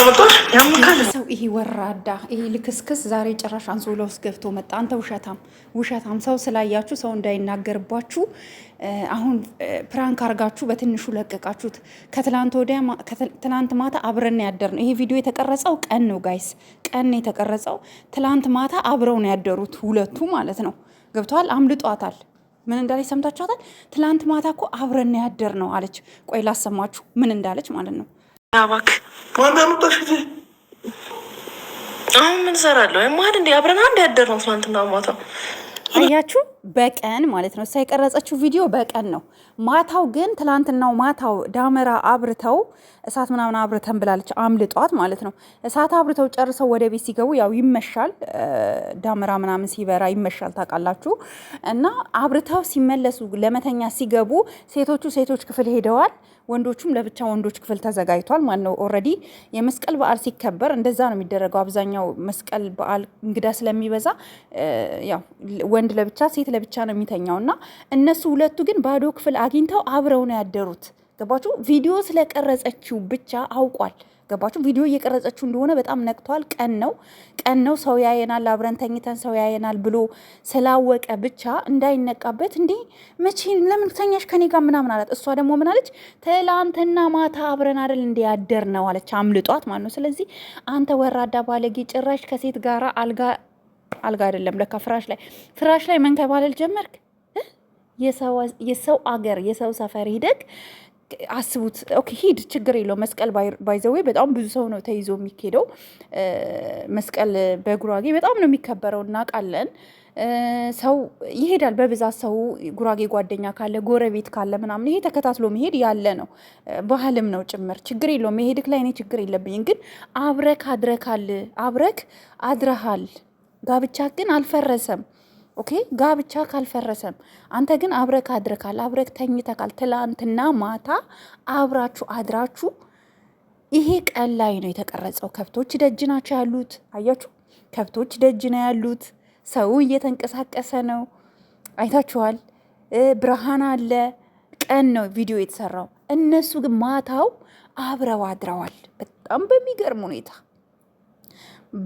እንደመጣሽ ሰው ይሄ ወራዳ ይሄ ልክስክስ ዛሬ ጭራሽ አንሶላ ውስጥ ገብቶ መጣ። አንተ ውሸታም ውሸታም፣ ሰው ስላያችሁ ሰው እንዳይናገርባችሁ አሁን ፕራንክ አርጋችሁ በትንሹ ለቀቃችሁት። ከትላንት ወዲያ ትላንት ማታ አብረን ያደር ነው። ይሄ ቪዲዮ የተቀረጸው ቀን ነው ጋይስ፣ ቀን የተቀረጸው ትላንት ማታ አብረው ነው ያደሩት ሁለቱ ማለት ነው። ገብተዋል፣ አምልጧታል ምን እንዳለች ሰምታችኋታል? ትላንት ማታ እኮ አብረን ያደር ነው አለች። ቆይ ላሰማችሁ ምን እንዳለች ማለት ነው። እባክህ ማን ያመጣሽ ጊዜ አሁን ምን እሰራለሁ? ማን እንዲ አብረን አንድ ያደር ነው ትናንትና ማታ አያችሁ በቀን ማለት ነው እሷ የቀረጸችው ቪዲዮ በቀን ነው። ማታው ግን ትላንትናው ማታው ዳመራ አብርተው እሳት ምናምን አብርተን ብላለች አምልጧት ማለት ነው። እሳት አብርተው ጨርሰው ወደ ቤት ሲገቡ ያው ይመሻል፣ ዳመራ ምናምን ሲበራ ይመሻል ታውቃላችሁ። እና አብርተው ሲመለሱ ለመተኛ ሲገቡ ሴቶቹ ሴቶች ክፍል ሄደዋል፣ ወንዶቹም ለብቻ ወንዶች ክፍል ተዘጋጅቷል ማለት ነው። ኦልሬዲ የመስቀል በዓል ሲከበር እንደዛ ነው የሚደረገው። አብዛኛው መስቀል በዓል እንግዳ ስለሚበዛ ያው ወንድ ለብቻ ሴት ለብቻ ነው የሚተኛው እና እነሱ ሁለቱ ግን ባዶ ክፍል አግኝተው አብረው ነው ያደሩት። ገባችሁ? ቪዲዮ ስለቀረጸችው ብቻ አውቋል። ገባችሁ? ቪዲዮ እየቀረጸችው እንደሆነ በጣም ነቅቷል። ቀን ነው ቀን ነው ሰው ያየናል፣ አብረን ተኝተን ሰው ያየናል ብሎ ስላወቀ ብቻ እንዳይነቃበት እንዴ መቼ ለምን ተኛሽ ከኔ ጋር ምናምን አላት። እሷ ደግሞ ምን አለች? ትላንትና ማታ አብረን አይደል እንዲያደር ነው አለች። አምልጧት ማለት ነው። ስለዚህ አንተ ወራዳ ባለጌ ጭራሽ ከሴት ጋራ አልጋ አልጋ አይደለም ለካ ፍራሽ ላይ ፍራሽ ላይ መንከባለል ጀመርክ። የሰው አገር የሰው ሰፈር ሂደግ አስቡት። ኦኬ ሂድ፣ ችግር የለው። መስቀል ባይዘዌ በጣም ብዙ ሰው ነው ተይዞ የሚሄደው። መስቀል በጉራጌ በጣም ነው የሚከበረው፣ እናውቃለን። ሰው ይሄዳል በብዛት ሰው ጉራጌ ጓደኛ ካለ ጎረቤት ካለ ምናምን ይሄ ተከታትሎ መሄድ ያለ ነው፣ ባህልም ነው ጭምር። ችግር የለው መሄድክ ላይ እኔ ችግር የለብኝም። ግን አብረክ አድረካል፣ አብረክ አድረሃል ጋብቻ ግን አልፈረሰም። ኦኬ ጋብቻ ካልፈረሰም አንተ ግን አብረክ አድረካል፣ አብረክ ተኝተካል። ትላንትና ማታ አብራችሁ አድራችሁ ይሄ ቀን ላይ ነው የተቀረጸው። ከብቶች ደጅ ናቸው ያሉት። አያችሁ፣ ከብቶች ደጅ ነው ያሉት። ሰው እየተንቀሳቀሰ ነው። አይታችኋል። ብርሃን አለ። ቀን ነው ቪዲዮ የተሰራው። እነሱ ግን ማታው አብረው አድረዋል፣ በጣም በሚገርም ሁኔታ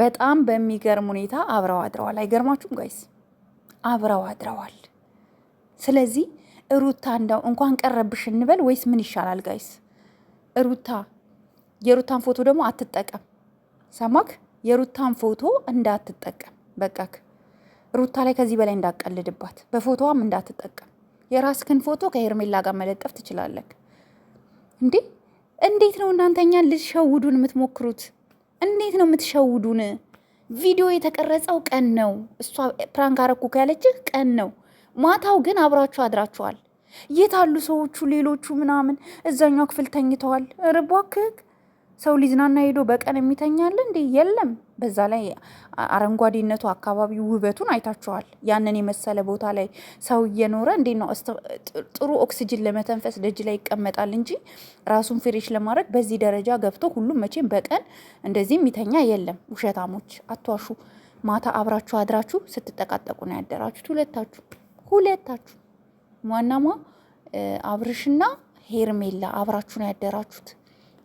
በጣም በሚገርም ሁኔታ አብረው አድረዋል። አይገርማችሁም ጋይስ? አብረው አድረዋል። ስለዚህ ሩታ እንደው እንኳን ቀረብሽ እንበል ወይስ ምን ይሻላል ጋይስ? ሩታ የሩታን ፎቶ ደግሞ አትጠቀም። ሰማክ? የሩታን ፎቶ እንዳትጠቀም በቃክ። ሩታ ላይ ከዚህ በላይ እንዳቀልድባት፣ በፎቶዋም እንዳትጠቀም። የራስክን ፎቶ ከሄርሜላ ጋር መለጠፍ ትችላለህ እንዴ? እንዴት ነው እናንተኛን ልሸውዱን የምትሞክሩት? እንዴት ነው የምትሸውዱን? ቪዲዮ የተቀረጸው ቀን ነው። እሷ ፕራንክ አረኩ ያለችህ ቀን ነው። ማታው ግን አብራችሁ አድራችኋል። የት አሉ ሰዎቹ? ሌሎቹ ምናምን እዛኛው ክፍል ተኝተዋል። ርቧክክ ሰው ሊዝናና ሄዶ በቀን የሚተኛል እንዴ? የለም። በዛ ላይ አረንጓዴነቱ አካባቢ ውበቱን አይታችኋል። ያንን የመሰለ ቦታ ላይ ሰው እየኖረ እንዴት ነው ጥሩ ኦክሲጅን ለመተንፈስ ደጅ ላይ ይቀመጣል እንጂ ራሱን ፍሬሽ ለማድረግ በዚህ ደረጃ ገብቶ ሁሉም መቼም በቀን እንደዚህ የሚተኛ የለም። ውሸታሞች አትዋሹ። ማታ አብራችሁ አድራችሁ ስትጠቃጠቁ ነው ያደራችሁት ሁለታችሁ ሁለታችሁ ዋናማ አብርሽና ሄርሜላ አብራችሁ ነው ያደራችሁት።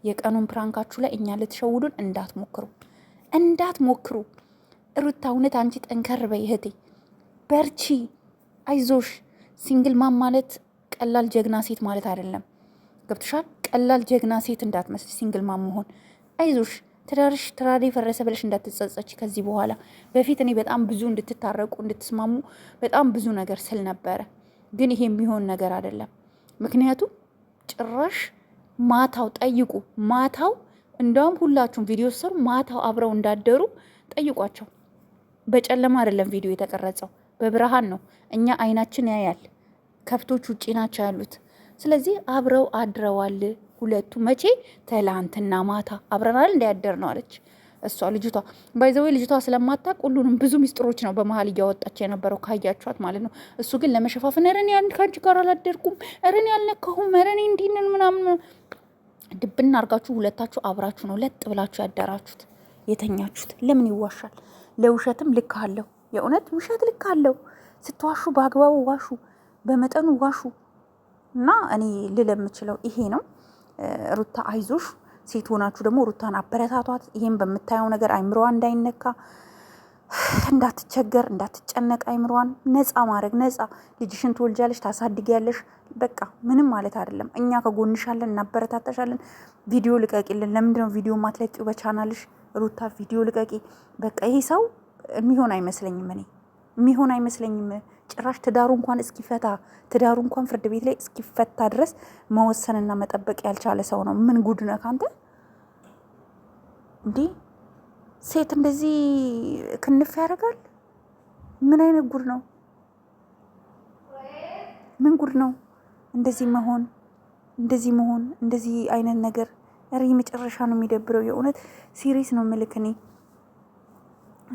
የቀኑን ፕራንካችሁ ላይ እኛ ልትሸውዱን እንዳትሞክሩ እንዳትሞክሩ። ሩታ እውነት አንቺ ጠንከር በይ እህቴ፣ በርቺ፣ አይዞሽ። ሲንግል ማም ማለት ቀላል ጀግና ሴት ማለት አይደለም። ገብትሻል? ቀላል ጀግና ሴት እንዳትመስል ሲንግል ማም መሆን። አይዞሽ፣ ትዳርሽ ትራዴ ፈረሰ ብለሽ እንዳትጸጸች ከዚህ በኋላ። በፊት እኔ በጣም ብዙ እንድትታረቁ እንድትስማሙ በጣም ብዙ ነገር ስል ነበረ፣ ግን ይሄ የሚሆን ነገር አይደለም። ምክንያቱም ጭራሽ ማታው ጠይቁ። ማታው እንደውም ሁላችሁም ቪዲዮ ሰሩ፣ ማታው አብረው እንዳደሩ ጠይቋቸው። በጨለማ አይደለም ቪዲዮ የተቀረጸው፣ በብርሃን ነው። እኛ አይናችን ያያል። ከብቶች ውጪ ናቸው ያሉት። ስለዚህ አብረው አድረዋል ሁለቱ። መቼ? ትላንትና ማታ አብረናል እንዳያደር ነው አለች እሷ ልጅቷ ባይዘወይ ልጅቷ ስለማታቅ ሁሉንም ብዙ ሚስጥሮች ነው በመሀል እያወጣች የነበረው ካያችኋት ማለት ነው። እሱ ግን ለመሸፋፈን ረኔ ከአንቺ ጋር አላደርኩም ረኔ ያልነካሁም ረኔ እንዲንን ምናምን ድብና አርጋችሁ ሁለታችሁ አብራችሁ ነው ለጥ ብላችሁ ያደራችሁት የተኛችሁት። ለምን ይዋሻል? ለውሸትም ልክ አለው። የእውነት ውሸት ልክ አለው። ስትዋሹ በአግባቡ ዋሹ፣ በመጠኑ ዋሹ። እና እኔ ልል የምችለው ይሄ ነው። ሩታ አይዞሽ። ሴት ሆናችሁ ደግሞ ሩታን አበረታቷት። ይሄን በምታየው ነገር አይምሮዋ እንዳይነካ እንዳትቸገር እንዳትጨነቅ አይምሯን ነፃ ማድረግ ነፃ ልጅሽን ትወልጃለሽ ታሳድጊያለሽ በቃ ምንም ማለት አይደለም እኛ ከጎንሻለን እናበረታታሻለን ቪዲዮ ልቀቂልን ለምንድነው ቪዲዮ ማትለቂው በቻናልሽ ሩታ ቪዲዮ ልቀቂ በቃ ይሄ ሰው የሚሆን አይመስለኝም እኔ የሚሆን አይመስለኝም ጭራሽ ትዳሩ እንኳን እስኪፈታ ትዳሩ እንኳን ፍርድ ቤት ላይ እስኪፈታ ድረስ መወሰንና መጠበቅ ያልቻለ ሰው ነው ምን ጉድ ነህ ካንተ እንዲህ ሴት እንደዚህ ክንፍ ያደርጋል? ምን አይነት ጉድ ነው? ምን ጉድ ነው? እንደዚህ መሆን እንደዚህ መሆን እንደዚህ አይነት ነገር ሪ መጨረሻ ነው የሚደብረው። የእውነት ሲሪስ ነው ምልክኔ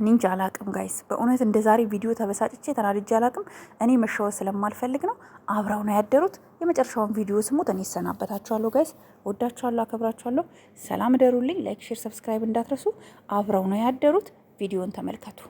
እንጃ አላቅም ጋይስ፣ በእውነት እንደ ዛሬ ቪዲዮ ተበሳጭቼ ተናድጄ አላቅም። እኔ መሻወር ስለማልፈልግ ነው። አብረው ነው ያደሩት። የመጨረሻውን ቪዲዮ ስሙት። እኔ ይሰናበታችኋለሁ ጋይስ፣ ወዳችኋለሁ፣ አከብራችኋለሁ። ሰላም እደሩልኝ። ላይክ፣ ሼር፣ ሰብስክራይብ እንዳትረሱ። አብረው ነው ያደሩት። ቪዲዮን ተመልከቱ።